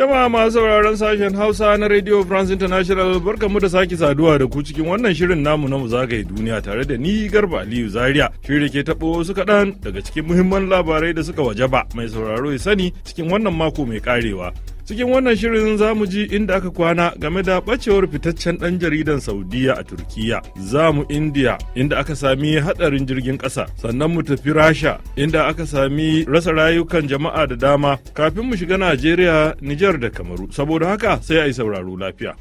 Jama'a masu sauraron sashen Hausa na Radio France International barkamu da sake saduwa da ku cikin wannan shirin namu na zagaye duniya tare da ni Garba Aliyu Zaria. Shirin ke taɓo wasu kaɗan daga cikin muhimman labarai da suka wajaba mai sauraro ya sani cikin wannan mako mai karewa. Cikin wannan shirin za mu ji inda aka kwana game da ɓacewar fitaccen ɗan jaridan Saudiya a Turkiya, za mu Indiya inda aka sami haɗarin jirgin ƙasa, sannan mu tafi Rasha inda aka sami rasa rayukan jama'a da dama kafin mu shiga Najeriya, Nijar da Kamaru. Saboda haka sai a yi sauraro lafiya.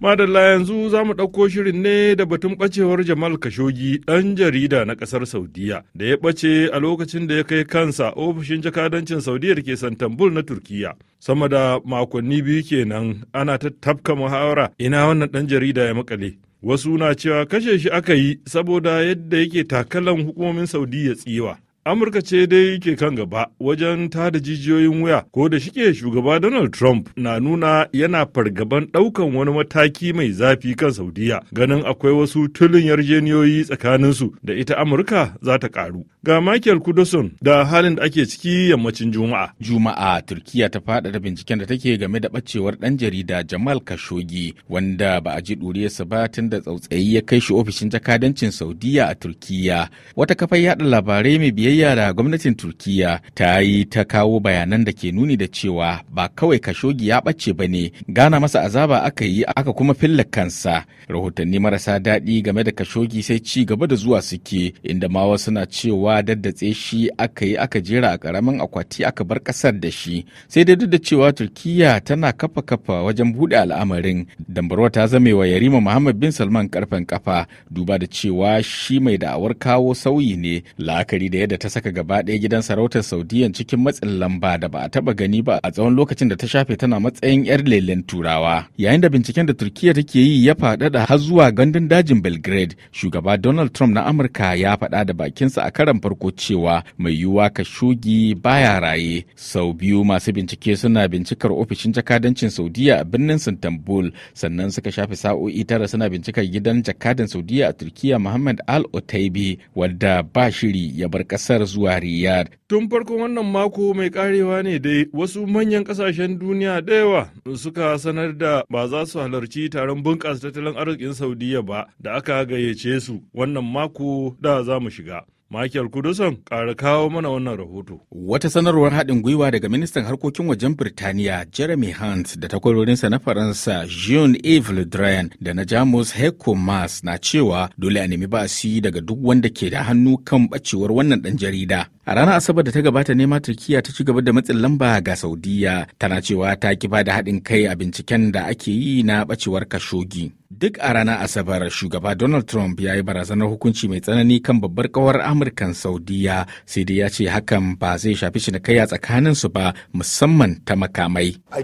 Madalla yanzu za mu ɗauko shirin ne da batun ɓacewar Jamal Kashogi ɗan jarida na ƙasar Saudiya da ya ɓace a lokacin da ya kai kansa ofishin jakadancin Saudiya da ke Santambul na Turkiya. Sama da makonni biyu kenan ana ta tafka muhawara ina wannan ɗan jarida ya makale. Wasu na cewa kashe shi aka yi saboda yadda yake takalan hukumomin Saudiya tsiwa. Amurka ce dai ke kan gaba wajen tada jijiyoyin wuya ko da shike shugaba Donald Trump na nuna yana fargaban ɗaukan wani mataki mai zafi kan Saudiya ganin akwai wasu tulin yarjeniyoyi tsakaninsu da ita Amurka za ta ƙaru. Ga Michael Kudoson da halin da ake ciki yammacin Juma'a. Juma'a Turkiya ta faɗaɗa binciken da take game da ɓacewar ɗan jarida Jamal Khashoggi wanda ba a ji ɗuriyarsa ba tun da tsautsayi ya kai shi ofishin jakadancin Saudiya a Turkiya. Wata kafar yaɗa labarai mai biyayya tarayya da gwamnatin turkiya ta yi ta kawo bayanan da ke nuni da cewa ba kawai kashogi ya ɓace ba ne gana masa azaba aka yi aka kuma filla kansa rahotanni marasa daɗi game da kashogi sai ci gaba da zuwa suke inda ma wasu na cewa daddatse shi aka yi aka jera a karamin akwati aka bar ƙasar da shi sai dai duk da cewa turkiya tana kafa kafa wajen buɗe al'amarin dambarwa ta zame wa yarima muhammad bin salman karfen kafa duba da cewa shi mai da'awar kawo sauyi ne la'akari da yadda ta saka gaba ɗaya gidan sarautar saudiyan cikin matsin lamba da ba a taba gani ba a tsawon lokacin da ta shafe tana matsayin 'yar lelen turawa yayin da binciken da turkiya take yi ya faɗaɗa har zuwa gandun dajin belgrade shugaba donald trump na amurka ya faɗa da bakinsa a karan farko cewa mai yiwuwa kashogi baya raye sau biyu masu bincike suna bincikar ofishin jakadancin saudiya a birnin istanbul sannan suka shafe sa'o'i tara suna bincikar gidan jakadan saudiya a turkiya muhammad al otaibi wadda ba shiri ya bar ƙasar kasar zuwa Tun farkon wannan mako mai karewa ne dai wasu manyan ƙasashen duniya da yawa suka sanar da ba za su halarci taron bunƙasa tattalin arzikin Saudiya ba da aka gayyace su wannan mako da za mu shiga. Michael Kudusan ƙara kawo mana wannan rahoto. Wata sanarwar haɗin gwiwa daga ministan harkokin wajen Birtaniya Jeremy Hunt da takwarorinsa na Faransa Jean-Yves Le da na Jamus Heiko Maas na cewa dole a nemi ba'asi daga duk wanda ke da hannu kan ɓacewar wannan ɗan jarida. A ranar Asabar da ta gabata ne ma Turkiya ta ci gaba da matsin lamba ga Saudiya tana cewa ta ki da haɗin kai a binciken da ake yi na ɓacewar Kashogi. Duk a ranar Asabar shugaba Donald Trump ya yi barazanar hukunci mai tsanani kan babbar kawar Amurkan Saudiya sai dai ya ce hakan ba zai shafi cinikayya tsakanin su ba musamman ta makamai. Uh,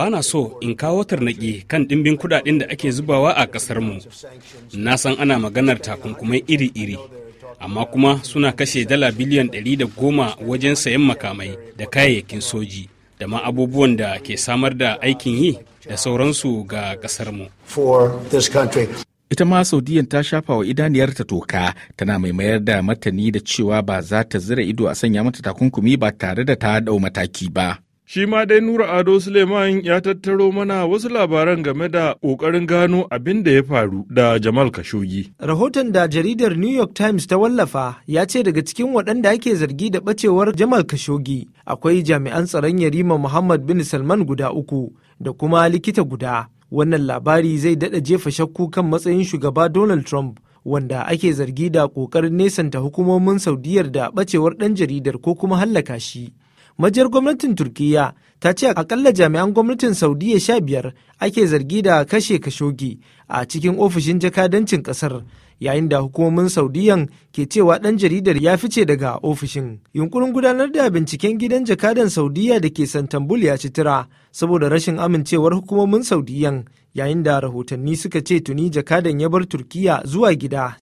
Bana so in kawo tarnaki kan ɗimbin kuɗaɗen da ake zubawa a ƙasarmu. Na san ana maganar takunkumai iri-iri. amma kuma suna kashe dala biliyan goma wajen sayan makamai da kayayyakin soji da ma abubuwan da ke samar da aikin yi da sauransu ga mu Ita ma Saudiyan ta shafa wa idaniyarta toka tana mai mayar da martani da cewa ba za ta zira ido a sanya mata takunkumi ba tare da ta dau mataki ba. Shi ma dai Nura Ado Suleiman ya tattaro mana wasu labaran game da ƙoƙarin gano abin da ya faru da Jamal Khashoggi. Rahoton da jaridar New York Times ta wallafa ya ce daga cikin waɗanda ake zargi da ɓacewar Jamal kashogi akwai jami'an tsaron Yarima Muhammad bin Salman guda uku da kuma likita guda. Wannan labari zai daɗa jefa shakku kan matsayin shugaba Donald Trump. wanda ake zargi da ƙoƙarin nesanta hukumomin saudiyar da ɓacewar ɗan jaridar ko kuma hallaka shi majiyar gwamnatin turkiyya ta ce akalla jami'an gwamnatin saudiya sha biyar ake zargi da kashe kashogi a cikin ofishin jakadancin kasar yayin da hukumomin saudiyan ke cewa ɗan jaridar ya fice daga ofishin yunkurin gudanar da binciken gidan jakadan saudiya da ke santambul ya ci tira saboda rashin amincewar hukumomin saudiyan yayin da rahotanni suka ce tuni jakadan ya bar turkiyya zuwa gida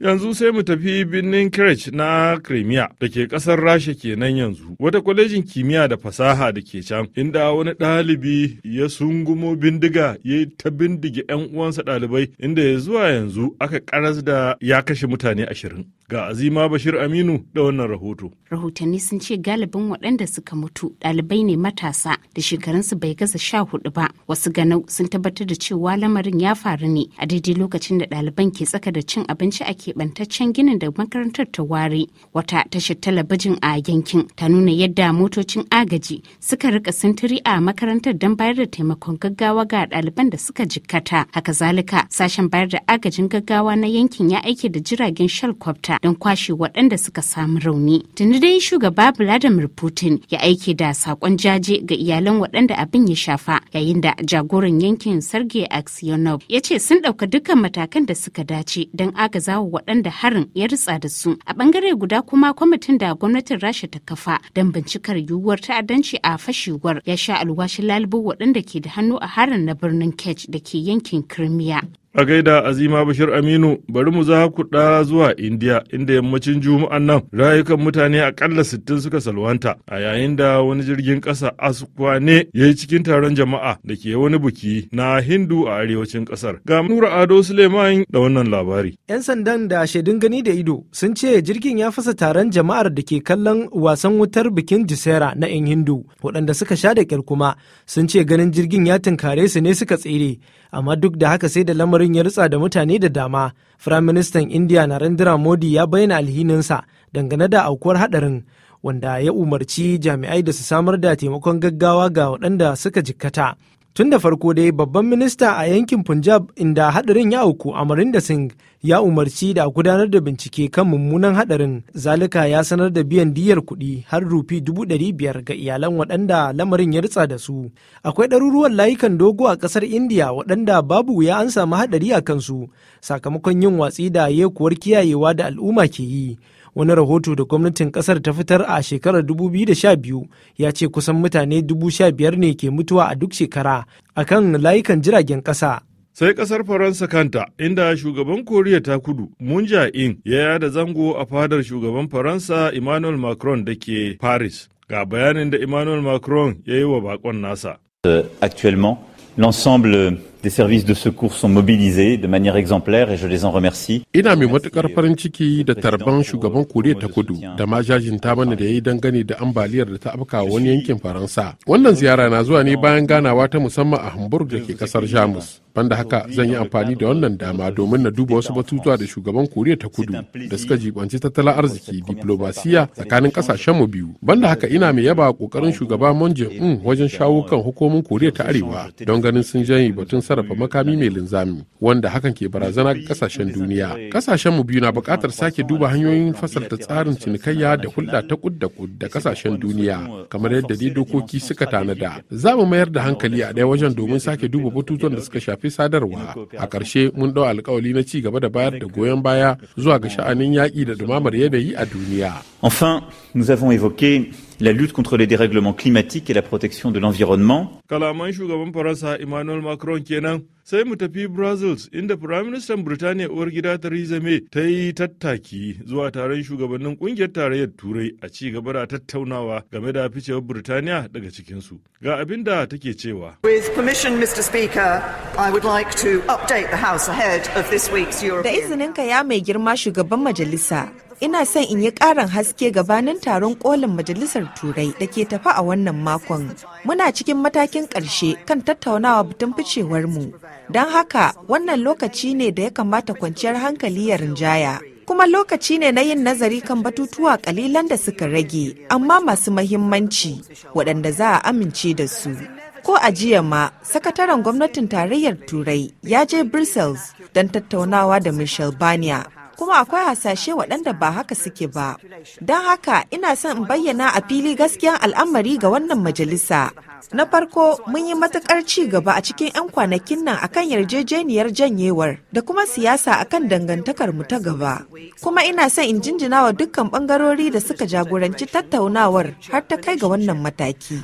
Yanzu sai mu tafi birnin Krech na Crimea da ke ƙasar Rasha kenan yanzu, wata kwalejin kimiyya da fasaha da ke can, inda wani ɗalibi ya sungumo bindiga ya ta bindige 'yan uwansa ɗalibai, inda ya zuwa yanzu aka karas da ya kashe mutane ashirin. Ga Azima Bashir Aminu da wannan rahoto. Rahotanni sun ce galibin waɗanda suka mutu ɗalibai ne matasa da shekarunsu bai gaza sha hudu ba. Wasu ganau sun tabbatar da cewa lamarin ya faru ne a daidai lokacin da ɗaliban ke tsaka da cin abinci a keɓantaccen ginin da makarantar ta ware wata tashar talabijin a yankin ta nuna yadda motocin agaji suka rika sintiri a makarantar don bayar da taimakon gaggawa ga ɗaliban da suka jikkata haka zalika sashen bayar da agajin gaggawa na yankin ya aike da jiragen shalkwabta don kwashe waɗanda suka samu rauni tuni dai shugaba vladimir putin ya aike da sakon jaje ga iyalan waɗanda abin ya shafa yayin da jagoran yankin sergei aksionov ya ce sun ɗauka dukkan matakan da suka dace don agazawa waɗanda harin ya ritsa da su a ɓangare guda kuma kwamitin da gwamnatin rasha ta kafa don bincikar yiwuwar ta'addanci a fashewar ya sha alwashin lalibu waɗanda ke da hannu a harin na birnin kech da ke yankin kirimiya A gaida Azima Bashir Aminu bari mu za ku kuɗa zuwa Indiya inda yammacin Juma'an nan rayukan mutane akalla 60 suka salwanta a yayin da wani jirgin ƙasa Asukwane ya yi cikin taron jama'a da ke wani buki na Hindu a arewacin ƙasar. Ga Nura Ado Suleiman da wannan labari. 'Yan sandan da shaidun gani da ido sun ce jirgin ya fasa taron jama'ar da ke kallon wasan wutar bikin Jisera na 'yan Hindu waɗanda suka sha da kuma sun ce ganin jirgin ya tunkare su ne suka tsere amma duk da haka sai da lamarin ya rutsa da mutane da dama firaministan indiya narendra modi ya bayyana alhininsa dangane da aukuwar hadarin wanda ya umarci jami'ai da su samar da taimakon gaggawa ga waɗanda suka jikkata Tun da farko dai babban minista a yankin Punjab inda hadarin ya auku Amarinda Singh ya umarci da gudanar da bincike kan mummunan hadarin. Zalika ya sanar da biyan diyar kuɗi har rufi dubu ɗari biyar ga iyalan waɗanda lamarin ya ritsa da su. Akwai ɗaruruwan layukan dogo a ƙasar india waɗanda babu ya an samu hadari a kansu sakamakon yin watsi da yekuwar kiyayewa da al'umma ke yi. wani rahoto da gwamnatin kasar ta fitar a shekarar 2012 ya ce kusan mutane 15,000 ne ke mutuwa a duk shekara a kan layukan jiragen ƙasa. sai kasar faransa kanta inda shugaban koriya ta kudu moon in ya yada zango a fadar shugaban faransa emmanuel macron da ke paris ga bayanin da emmanuel macron ya yi wa bakon nasa uh, l'ensemble Des services de secours sont mobilisés de manière exemplaire et je les en remercie. Ina mai matukar farin ciki da tarban shugaban Koriya ta Kudu da ma ta mana da ya yi dangane da ambaliyar da ta afka wani yankin Faransa. Wannan ziyara na zuwa ne bayan ganawa ta musamman a Hamburg da ke kasar Jamus. Banda haka zan yi amfani da wannan dama domin na duba wasu batutuwa da shugaban Koriya ta Kudu da suka jibanci tattalin arziki, diplomasiya tsakanin kasashen mu biyu. Banda haka ina mai yaba kokarin shugaba Moon Jae-in wajen shawo kan euh, hukumomin Koriya ta Arewa don ganin sun janye batun sa sarrafa makami mai linzami wanda hakan ke barazana ga kasashen duniya kasashen mu biyu na buƙatar sake duba hanyoyin fasalta tsarin cinikayya da hulɗa ta kud da kud da kasashen duniya kamar yadda dai dokoki suka tanada za mu mayar da hankali a ɗaya wajen domin sake duba batutuwan da suka shafi sadarwa a ƙarshe mun ɗau alƙawali na ci gaba da bayar da goyon baya zuwa ga sha'anin yaƙi da dumamar yanayi a duniya. Enfin, la lutte contre les dérèglements climatiques et la protection de l'environnement. Kalaman shugaban Faransa Emmanuel Macron kenan sai mu tafi Brussels inda Firaministan Birtaniya uwar gida Theresa May ta yi tattaki zuwa taron shugabannin ƙungiyar tarayyar Turai a ci gaba da tattaunawa game da ficewar Birtaniya daga cikinsu. Ga abin da take cewa. With permission Mr Speaker, I would like to update the House ahead of this week's European. Da izininka ya mai girma shugaban majalisa, ina son in yi ƙarin haske gabanin taron kolin majalisar turai da ke tafa a wannan makon muna cikin matakin ƙarshe kan tattaunawa batun ficewar mu don haka wannan lokaci ne da ya kamata kwanciyar hankali ya rinjaya kuma lokaci ne na yin nazari kan batutuwa kalilan da suka rage amma masu mahimmanci waɗanda za a amince da su ko a jiya ma sakataren gwamnatin tarayyar turai ya je brussels don tattaunawa da michel barnier kuma akwai hasashe waɗanda ba haka suke ba don haka ina son in bayyana a fili gaskiyan al'amari ga wannan majalisa na farko mun yi matukar ci gaba a cikin 'yan kwanakin nan akan yarjejeniyar janyewar da kuma siyasa akan dangantakar mu ta gaba kuma ina son in jinjina wa dukkan bangarori da suka jagoranci tattaunawar har ta kai ga wannan mataki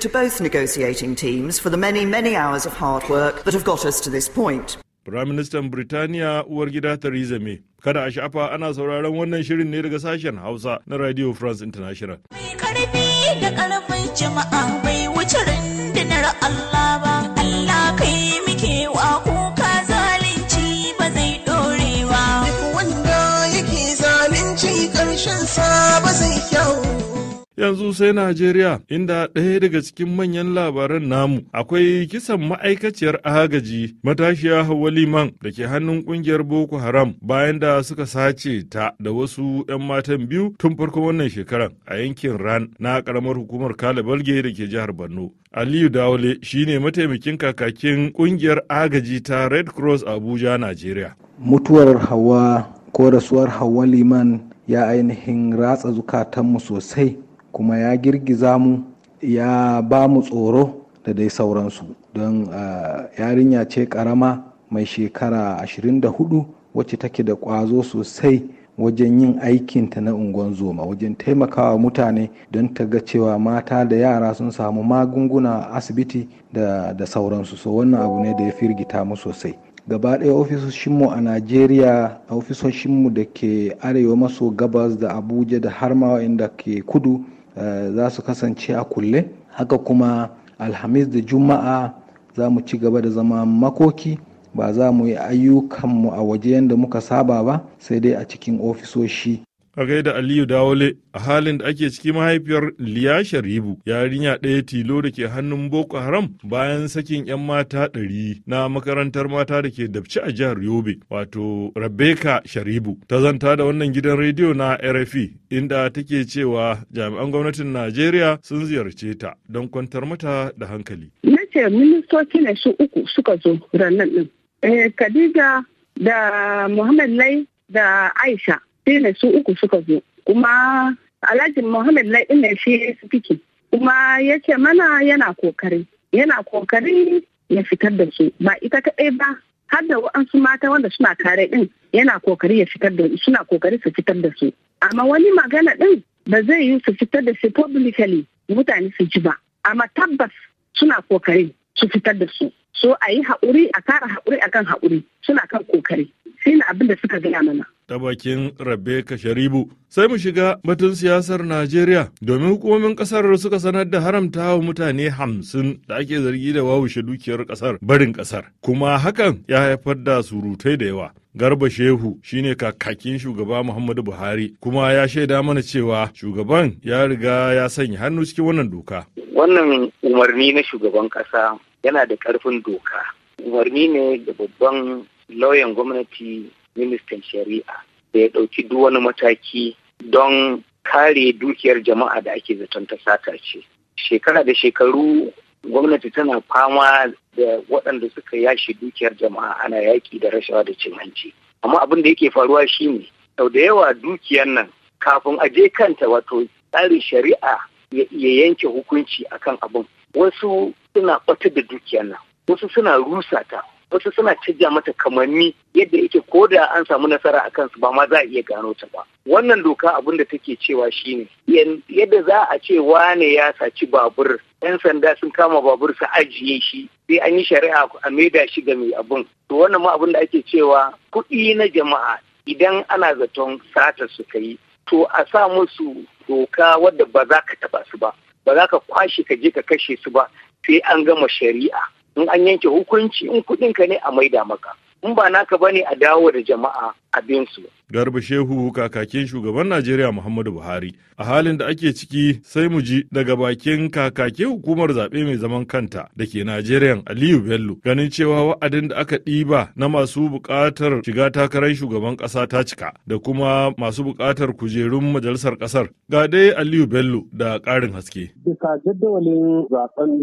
to both negotiating teams for the many, many hours of hard work that have got us to this point. Firaministan Birtaniya uwar gida Theresa May. Kada a sha'afa ana sauraron wannan shirin ne daga sashen Hausa na Radio France International. Mai karfi da karfin jama'a bai wuce rundunar Allah ba. Allah kai muke wa kuka zalunci ba zai dore ba. Duk wanda yake zalunci karshen sa ba zai kyau. Yanzu sai Najeriya inda ɗaya daga cikin manyan labaran namu akwai kisan ma'aikaciyar agaji matashiya Hauwa Liman da ke hannun ƙungiyar Boko Haram bayan da suka sace ta da wasu 'yan matan biyu tun farko wannan shekaran a yankin Ran na ƙaramar hukumar Kale Balge da ke jihar Borno. Aliyu Dawale shine mataimakin kakakin ƙungiyar agaji ta Red Cross Abuja, Najeriya. Mutuwar Hawa ko rasuwar Hawa Liman ya ainihin ratsa zukatanmu sosai kuma ya girgiza mu ya ba mu tsoro da dai sauransu don ah, yarinya ce karama mai shekara 24 wacce take da ƙwazo sosai wajen yin aikinta na unguwan zoma wajen taimakawa mutane don ta ga cewa mata da yara sun samu magunguna asibiti da, da sauransu so wannan abu ne da ya firgita mu sosai gaba ɗaya ofisoshinmu a najeriya ofisoshinmu da ke arewa maso gabas da abuja da har ma inda ke kudu Eh, za su kasance a kulle haka kuma alhamis da juma'a za mu ci gaba da zama makoki ba za mu yi ayyukanmu a waje yadda muka saba ba sai dai a cikin ofisoshi a gaida Aliyu Dawole a halin da ake ciki mahaifiyar Liya Sharibu yarinya ɗaya tilo da ke hannun Boko Haram bayan sakin 'yan mata ɗari na makarantar mata da ke dabci a jihar Yobe wato Rebecca Sharibu ta zanta da wannan gidan rediyo na RFI inda take cewa jami'an gwamnatin Najeriya sun ziyarce ta don kwantar mata da hankali. Nace ministoci ne su uku suka zo ɗin. Eh, Khadija da Muhammad Lai da Aisha Sai ne su uku suka zo kuma alhaji muhammad na ina shi fiki kuma ya ce mana yana kokari yana kokari ya fitar da su ba ita kaɗai ba har da wa'ansu mata wanda suna kare ɗin yana kokari ya fitar da suna kokari su fitar da su amma wani magana ɗin ba zai yi su fitar da su publicly mutane su ji ba amma tabbas suna kokari su fitar da su so a yi haƙuri a kara haƙuri akan haƙuri suna kan kokari shi na abin da suka gaya mana ta bakin rabeka Sharibu. Sai mu shiga batun siyasar Najeriya domin hukumomin kasar suka sanar da haramta wa mutane hamsin da ake zargi da wawushe dukiyar kasar barin kasar. Kuma hakan ya haifar da surutai da yawa. Garba Shehu shine kakakin shugaba Muhammadu Buhari kuma ya shaida mana cewa shugaban ya riga ya sanya hannu cikin wannan doka. Wannan umarni na shugaban kasa yana da ƙarfin doka. Umarni ne da babban lauyan gwamnati ministan shari'a da ya ɗauki duk wani mataki don kare dukiyar jama'a da ake zaton ta sata ce shekara da shekaru gwamnati tana fama da waɗanda suka yashi dukiyar jama'a ana yaƙi da rashawa da cin hanci amma abin da yake faruwa shine sau da yawa dukiyar nan kafin a je kanta wato tsarin shari'a ya yanke hukunci akan abin wasu suna ɓata da dukiyar nan wasu suna rusa ta wasu suna cija mata kamanni yadda yake ko da an samu nasara a kansu ba ma za a iya gano ta ba wannan doka abin da take cewa shine yadda za a ce wane ya saci babur yan sanda sun kama babur su ajiye shi sai an yi shari'a a maida shi ga mai abin to wannan ma abin da ake cewa kuɗi na jama'a idan ana zaton sata suka yi to a sa musu doka wadda ba za ka taba su ba ba za ka kwashe ka je ka kashe su ba sai an gama shari'a in an yanke hukunci in kuɗinka ne a maida maka in ba naka bane a dawo da jama'a abinsu. Garba Shehu kakakin shugaban Najeriya Muhammadu Buhari. A halin da ake ciki sai mu ji daga bakin kakakin hukumar zaɓe mai zaman kanta da ke Najeriya Aliyu Bello ganin cewa wa'adin da aka ɗiba na masu buƙatar shiga takarar shugaban ƙasa ta cika da kuma masu buƙatar kujerun majalisar ƙasar. Ga dai Aliyu Bello da ƙarin haske. Bisa jadawalin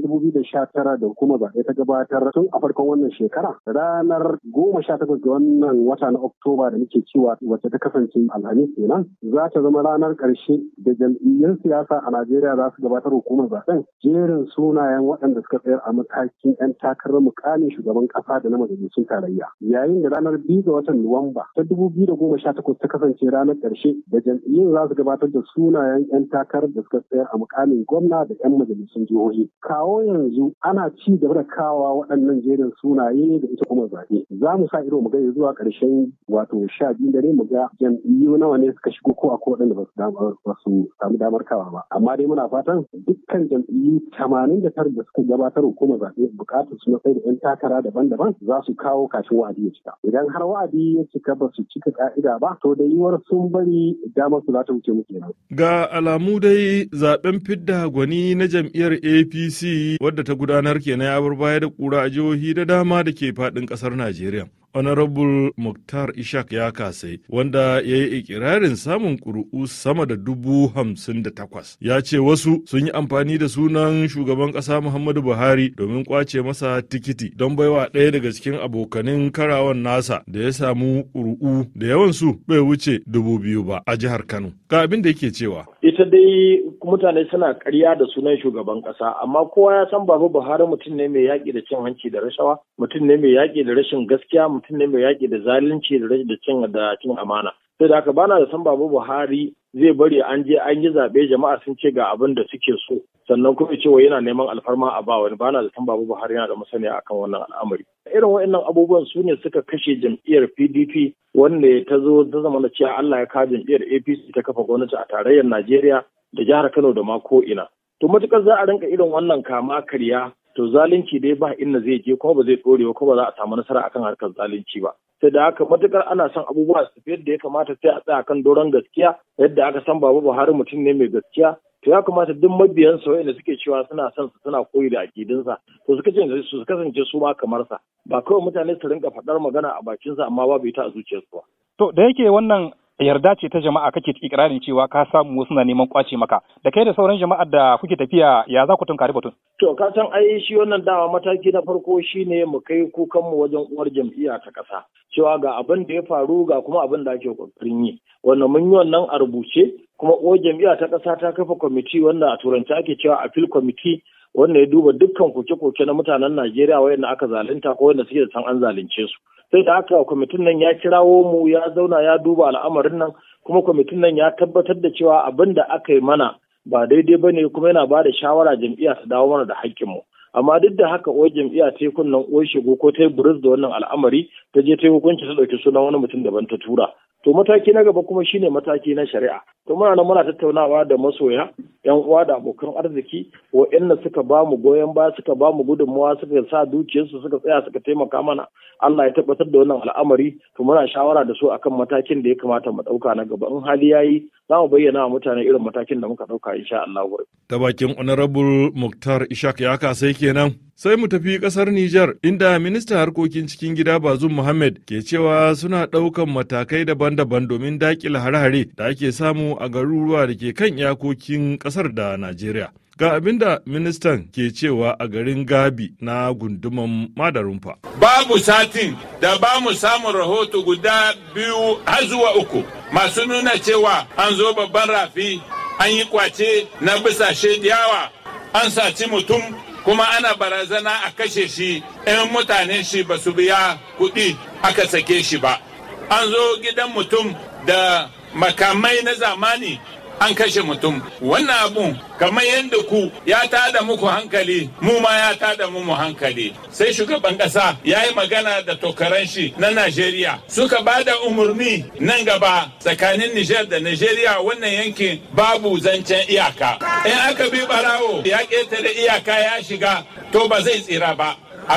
dubu 2019 da hukumar zaɓe ta gabatar tun a farkon wannan shekara ranar 18 ga wannan wata na Oktoba da nake cewa wacce ta kasance alhamis kenan za ta zama ranar karshe da jam'iyyun siyasa a Najeriya za su gabatar hukumar zaben jerin sunayen waɗanda suka tsayar a matakin 'yan takarar mukamin shugaban kasa da na majalisun tarayya. Yayin da ranar biyu ga watan Nuwamba ta dubu biyu da goma sha takwas ta kasance ranar karshe da jam'iyyun za su gabatar da sunayen 'yan takarar da suka tsayar a mukamin gwamna da 'yan majalisun jihohi. Kawo yanzu ana ci gaba da kawa waɗannan jerin sunaye da ita kuma zaɓe. Za mu sa ido mu gani zuwa ƙarshen wato sha biyu dare mu ga jam'iyyu nawa ne suka shigo ko a ko waɗanda ba su samu damar kawa ba amma dai muna fatan dukkan jam'iyyu tamanin da tara da suka gabatar hukumar zaɓe bukatar su na da 'yan takara daban-daban za su kawo kafin wa'adi ya cika idan har wa'adi ya cika ba su cika ka'ida ba to da yiwuwar sun bari damar su za ta wuce mu kenan ga alamu dai zaɓen fidda gwani na jam'iyyar apc wadda ta gudanar kenan ya bar baya da kura a jihohi da dama da ke faɗin ƙasar najeriya. honorable muktar ishak ya kasai wanda ya yi ikirarin samun ƙuri'u sama da dubu hamsin da takwas ya ce wasu sun yi amfani da sunan shugaban ƙasa muhammadu buhari domin kwace masa tikiti don baiwa ɗaya daga cikin abokanin karawan nasa da ya samu ƙuri'u da yawansu bai wuce dubu biyu ba a jihar kano ga abin da yake cewa ita dai mutane suna karya da sunan shugaban ƙasa amma kowa ya san baba buhari mutum ne mai yaƙi da cin hanci da rashawa mutum ne mai yaƙi da rashin gaskiya mutum ne mai yaƙi da zalunci da da cin da cin amana sai da haka bana da san babu Buhari zai bari an je an yi zaɓe jama'a sun ce ga abin da suke so sannan kuma cewa yana neman alfarma a ba wani bana da san babu Buhari yana da masaniya akan wannan al'amari irin waɗannan abubuwan su ne suka kashe jam'iyyar PDP wanda ta zo ta zama na cewa Allah ya kawo jam'iyyar APC ta kafa gwamnati a tarayyar Najeriya da jihar Kano da ma ko ina to matuƙar za a rinka irin wannan kama karya to zalunci dai ba inda zai je kuma ba zai dore ba kuma ba za a samu nasara akan harkar zalunci ba sai da haka matukar ana son abubuwa su tafi yadda ya kamata sai a tsaya kan doron gaskiya yadda aka san babu Buhari mutum ne mai gaskiya to ya kamata duk mabiyan sa wanda suke cewa suna son su suna koyi da akidinsa to suka ce su kasance su ma kamar sa ba kawai mutane su rinka faɗar magana a bakin sa amma babu ita a zuciyarsu ba to da yake wannan yarda ce ta jama'a kake ikirarin cewa ka samu wasu na neman kwace maka da kai da sauran jama'ar da kuke tafiya ya za ku tunkari batun To, ka san ai shi wannan dawa mataki na farko shi ne mu kai kukanmu wajen uwar jam'iyya ta ƙasa. Cewa ga abin da ya faru ga kuma abin da ake ƙoƙarin yi. Wannan mun yi wannan a rubuce kuma uwar jam'iyya ta ƙasa ta kafa kwamiti wanda a turanci ake cewa a appeal kwamiti, wanda ya duba dukkan koke-koke na mutanen Najeriya wayanda aka zalunta ko wanda suke da san an zalunce su. Sai da haka kwamitin nan ya kirawo mu ya zauna ya duba al'amarin nan kuma kwamitin nan ya tabbatar da cewa abin da aka yi mana ba daidai ba ne kuma yana ba da shawara jam'iyya ta dawo mana da haƙƙinmu amma duk da haka o jam'iyya ta yi kunnen o shigo ko ta yi burus da wannan al'amari ta je ta yi hukunci ta ɗauki sunan wani mutum daban ta tura To mataki na gaba kuma shine mataki na shari'a. To muna nan muna tattaunawa da masoya, yan uwa da abokan arziki, waɗanda suka ba mu goyon baya, suka ba mu gudunmawa, suka sa dukiyarsu, suka tsaya, suka taimaka mana. Allah ya tabbatar da wannan al'amari, to muna shawara da su akan matakin da ya kamata mu ɗauka na gaba. In hali ya yi za mu bayyana wa mutane irin matakin da muka ɗauka insha Allah. Ta bakin Honorable Muktar Ishak ya sai kenan. Sai mu tafi ƙasar Nijar, inda ministan harkokin cikin gida Bazum Muhammad ke cewa suna ɗaukan matakai daban-daban domin daƙila hare-hare da ake samu a garuruwa da ke kan iyakokin ƙasar da Najeriya. Ga abin da ministan ke cewa a garin Gabi na gunduman Madarumfa. Babu satin da ba mu samun rahoto guda biyu har zuwa uku masu nuna cewa an zo babban rafi an yi kwace na bisa shediyawa an saci mutum kuma ana barazana a kashe shi in mutanen shi ba su biya kuɗi aka sake shi ba an zo gidan mutum da makamai na zamani an kashe mutum wannan abun kamar yadda ku ya tada muku hankali mu ma ya tada mu mu hankali sai shugaban kasa ya yi magana da tokaran shi na najeriya suka ba da umarni nan gaba tsakanin niger da najeriya wannan yankin babu zancen iyaka in aka bi barawo ya ƙetare iyaka ya shiga to ba zai tsira ba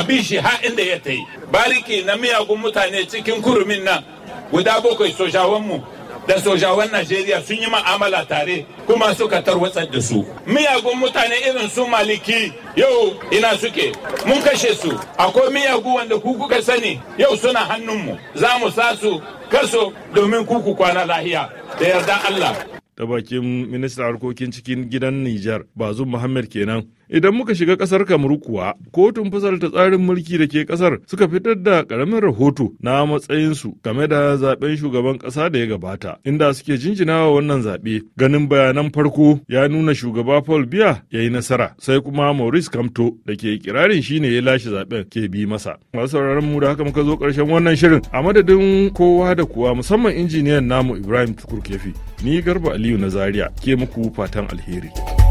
bi shi har inda ya ta yi bariki na miyagun mutane cikin kurumin nan guda bakwai sojawanmu da sojawan Najeriya sun yi ma'amala tare kuma suka tarwatsar da su. Miyagun mutane irin su maliki yau ina suke mun kashe su akwai miyagu wanda ku kuka sani yau suna hannunmu za mu sa su kaso domin kuku kwana lahiya da yarda Allah. Ta bakin ministan harkokin cikin gidan Nijar Bazum Muhammad kenan Idan muka shiga kasar Kamaru kuwa, kotun fasalta tsarin mulki da ke kasar suka fitar da karamin rahoto na matsayinsu game da zaben shugaban kasa da ya gabata, inda suke jinjinawa wannan zaɓe. Ganin bayanan farko ya nuna shugaba Paul Biya ya yi nasara, sai kuma Maurice Kamto da ke kirarin shi ne ya lashe zaben ke bi masa. Masu sauraron mu da haka muka zo karshen wannan shirin a madadin kowa da kuwa musamman injiniyan namu Ibrahim Tukur Kefi, ni Garba Aliyu na Zaria ke muku fatan alheri.